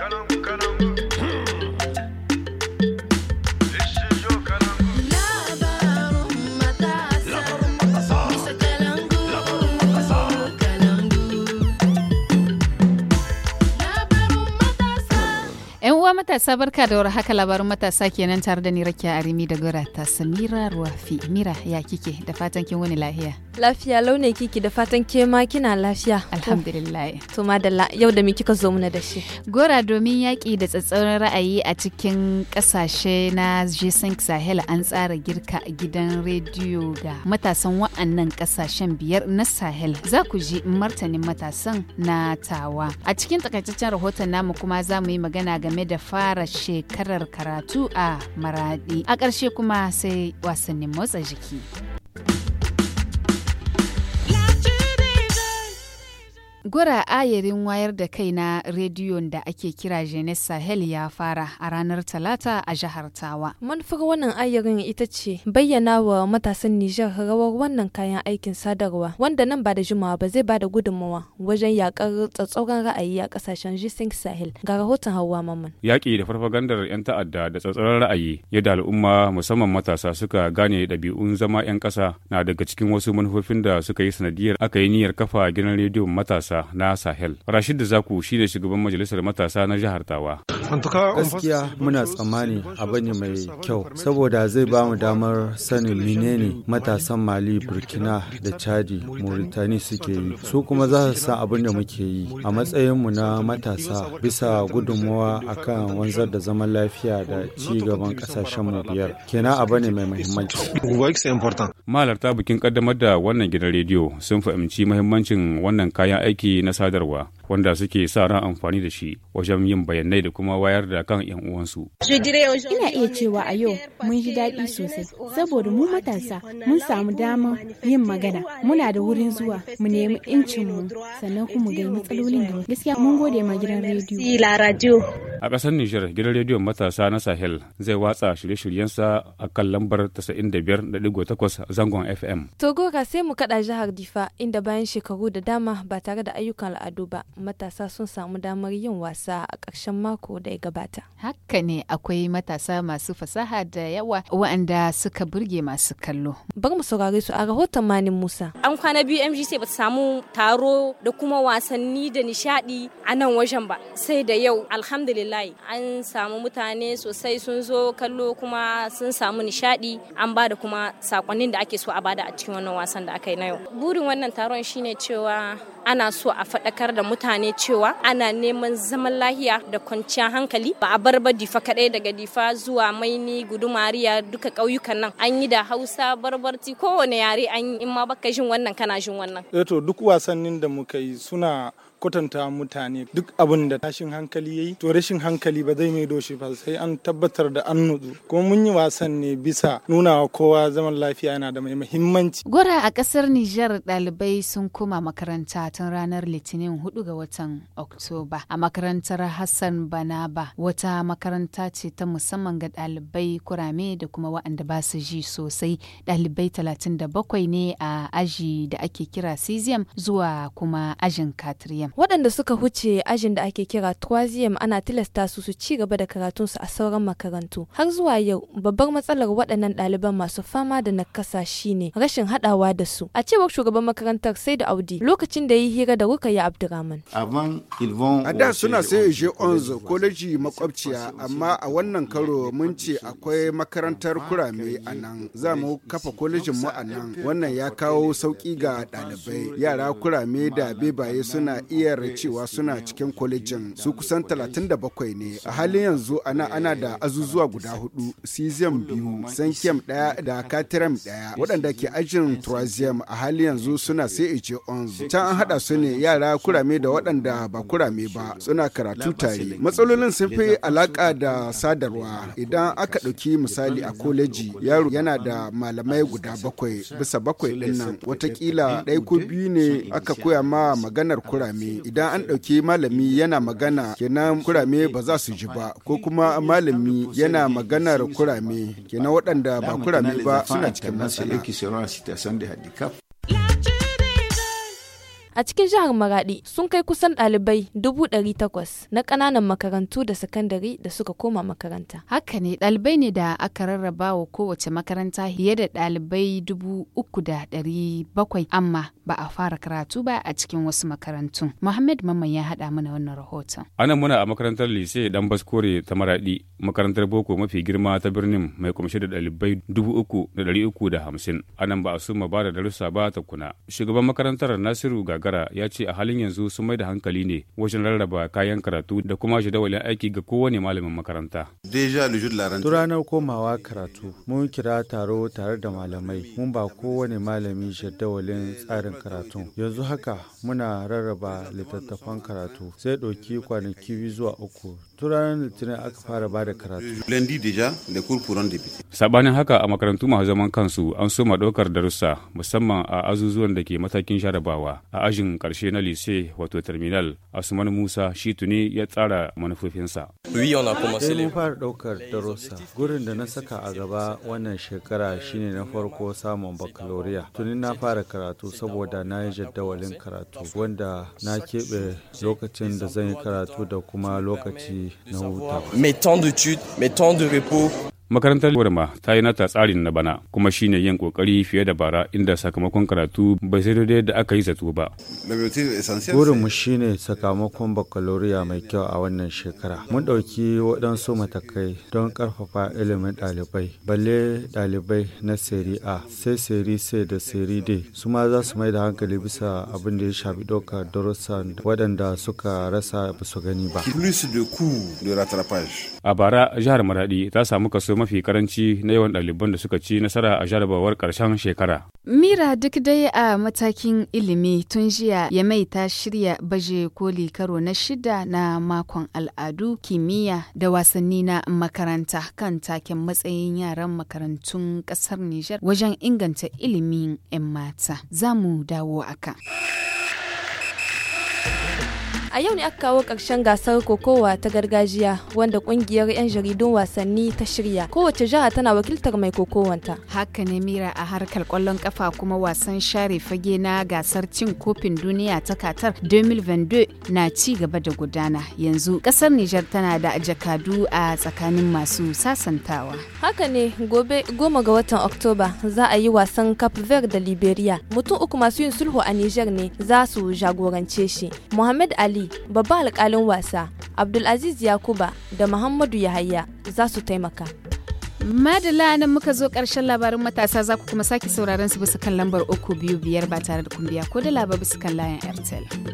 come on. uwa matasa barka da war haka labarin matasa kenan tare da ni Rakiya Arimi da Gora ta Samira Ruwafi. Mira ya kike da fatan kin wani lafiya. Lafiya laune kiki da fatan ke ma kina lafiya. Alhamdulillah. To madalla yau da mi kika zo na da shi. Gora domin yaƙi da tsatsauran ra'ayi a cikin ƙasashe na G5 Sahel an tsara girka gidan rediyo ga matasan wa'annan ƙasashen biyar na Sahel. Za ku ji martanin matasan na tawa. A cikin takaitaccen rahoton namu kuma za mu yi magana game da fara shekarar karatu a maradi a ƙarshe kuma sai wasannin motsa jiki. Gwara ayarin wayar da kai na rediyon da ake kira Jeunesse Sahel ya fara a ranar Talata a jihar Tawa. Manufar wannan ayarin ita ce bayyana wa matasan Nijar rawar wannan kayan aikin sadarwa wanda nan ba da jimawa ba zai ba da gudunmawa wajen yakar tsatsauran ra'ayi a kasashen Jisink Sahel ga rahoton Hauwa Mamman. Yaƙi da farfagandar 'yan ta'adda da tsatsauran ra'ayi yadda al'umma musamman matasa suka gane ɗabi'un zama 'yan ƙasa na daga cikin wasu manufofin da suka yi sanadiyar aka yi niyyar kafa gidan rediyon matasa na Sahel. Rashid Zaku shine shugaban majalisar matasa na jihar Tawa. gaskiya muna tsammani abu ne mai kyau saboda zai ba mu damar sanin menene matasan mali burkina da chadi mauritani suke yi su kuma za su san abin da muke yi a matsayinmu na matasa bisa gudunmawa akan wanzar da zaman lafiya da ci gaban mu biyar kenan abu ne mai muhimmanci mahalarta bikin kaddamar da wannan gidan rediyo sun fahimci muhimmancin wannan kayan aiki na sadarwa wanda suke sa ran amfani da shi wajen yin bayanai da kuma wayar da kan 'yan uwansu. Ina iya cewa a yau mun ji daɗi sosai saboda mu matasa mun samu damar yin magana muna da wurin zuwa mu nemi incin mu sannan kuma ga matsalolin da gaskiya mun gode ma gidan rediyo. A ƙasar Nijar, gidan rediyon matasa na Sahel zai watsa shirye-shiryensa a kan lambar 95.8 zangon FM. Togo ka sai mu kaɗa jihar Difa inda bayan shekaru da dama ba tare da ayyukan al'adu ba, matasa sun samu damar yin wasa a ƙarshen mako da ya gabata. Haka ne akwai matasa masu fasaha da yawa waɗanda suka burge masu kallo. Bar mu saurare su a rahoton Manin Musa. An kwana biyu MGC ba ta samu taro da kuma wasanni da nishaɗi a nan wajen ba. Sai da yau alhamdulillah alhamdulillahi an samu mutane sosai sun zo kallo kuma sun samu nishadi an bada kuma sakonnin da ake so a bada a cikin wannan wasan da aka yi na yau burin wannan taron shine cewa ana so a faɗakar da mutane cewa ana neman zaman lahiya da kwanciyar hankali ba a bar ba difa kaɗai daga difa zuwa maini gudumariya duka ƙauyukan nan an yi da hausa barbarti kowane yare an yi in ma baka jin wannan kana jin wannan. eto eh duk wasannin da muka yi suna kwatanta mutane duk abin da tashin hankali yayi to rashin hankali ba zai maido shi ba sai an tabbatar da an nutsu kuma mun yi wasan ne bisa nuna wa kowa zaman lafiya yana da mai muhimmanci gora a kasar Nijar dalibai sun koma makaranta tun ranar Litinin 4 ga watan Oktoba a makarantar Hassan Banaba wata makaranta ce ta musamman ga dalibai kurame da kuma waɗanda ba su ji sosai ɗalibai 37 ne a aji da ake kira cesium zuwa kuma ajin katriyam waɗanda suka huce ajin da ake kira 3 ana tilasta su su ci gaba da karatun su a sauran makarantu har zuwa yau babbar matsalar waɗannan ɗaliban masu fama da nakasa shine rashin haɗawa da su a cewar shugaban makarantar sai da audi lokacin da yi hira da ya abdurrahman a da suna sai je onzo koleji makwabciya amma a wannan karo mun ce akwai makarantar kurame a nan za mu kafa kolejin mu a nan wannan ya kawo sauƙi ga ɗalibai yara kurame da bebaye suna iya iya cewa suna cikin kwalejin su kusan 37 ne a halin yanzu ana ana da azuzuwa guda hudu cesium biyu sankiyam daya da katiram daya waɗanda ke ajin troisium a halin yanzu suna sai 11. can an hada su ne yara kurame da waɗanda ba kurame ba suna karatu tare matsalolin sun fi alaka da sadarwa idan aka ɗauki misali a koleji yaro yana da malamai guda bakwai bisa bakwai ɗin nan watakila ɗaya ko biyu ne aka koya ma maganar kurame idan an ɗauki malami yana magana kenan kurame ba za su ji ba ko kuma malami yana maganar kurame kenan waɗanda ba kurame ba suna cikin matsala. A cikin jihar Maradi sun kai kusan ɗalibai dubu ɗari takwas na ƙananan makarantu da sakandare da suka koma makaranta. Haka ne ɗalibai ne da aka rarraba wa kowace makaranta fiye da ɗalibai dubu bakwai amma ba a fara karatu ba a cikin wasu makarantun. Muhammad Mamman ya haɗa mana wannan rahoton. nan muna a makarantar Lise Dan Baskore ta maraɗi makarantar Boko mafi girma ta birnin mai kumshe da ɗalibai dubu uku da hamsin. Anan ba a suma ba da darussa ba ta kuna. Shugaban makarantar Nasiru Gaga shekara ya ce a halin yanzu sun mai da hankali ne wajen rarraba kayan karatu da kuma jadawalin aiki ga kowane malamin makaranta. tun ranar komawa karatu mun kira taro tare da malamai mun ba kowane malami jadawalin tsarin karatu. Yanzu haka muna rarraba littattafan karatu sai ɗauki kwanaki biyu zuwa uku tun ranar litinin aka fara ba da karatu. sabanin haka a makarantu masu zaman kansu an soma ɗaukar darussa musamman a azuzuwan da ke matakin sharabawa a ajin karshe na lise wato terminal asuman musa shi tuni ya tsara manufofinsa. sai mun fara ɗaukar darussa gurin da na saka a gaba wannan shekara shine na farko samun baccalaureate tuni na fara karatu saboda na yi jadawalin karatu wanda na keɓe lokacin da zan yi karatu da kuma lokaci De savoir, mais tant d'études, mais tant de repos. Makarantar Warma ta yi nata tsarin na bana kuma shine yin kokari fiye da bara inda sakamakon karatu bai sai daidai da aka yi zato ba. Burinmu shine sakamakon bakaloriya mai kyau a wannan shekara. Mun ɗauki waɗansu matakai don ƙarfafa ilimin ɗalibai. Balle ɗalibai na seri A, sai seri C da seri D su ma za su mai da hankali bisa abin da ya shafi ɗaukar darussa waɗanda suka rasa ba su gani ba. A bara jihar Maradi ta samu kaso mafi karanci na yawan ɗaliban da suka ci nasara a jarabawar ƙarshen shekara. Mira duk dai a matakin ilimi tun jiya ya mai ta shirya baje koli karo na shida na makon al'adu, kimiyya da wasanni na makaranta kan taken matsayin yaran makarantun ƙasar Nijar wajen inganta ilimin 'yan mata. Za mu dawo aka. A yau ne aka kawo ƙarshen gasar kokowa ta gargajiya wanda ƙungiyar 'yan jaridun wasanni ta shirya. Kowace jiha tana wakiltar mai kokowanta. Haka ne mira a harkar kwallon kafa kuma wasan share fage na gasar cin kofin duniya ta katar 2022 na ci gaba da gudana. Yanzu ƙasar Nijar tana da jakadu a tsakanin masu sasantawa. Haka ne gobe goma ga watan Oktoba za a yi wasan Cape Verde da Liberia. Mutum uku masu yin sulhu a Nijar ne za su jagorance shi. Muhammad Ali ali babba alkalin wasa abdulaziz yakuba da muhammadu yahaya za su taimaka madala nan muka zo ƙarshen labarin matasa za ku kuma sake sauraron su bisa kan lambar uku biyu biyar ba tare da kumbiya ko da labar bisa kan layan airtel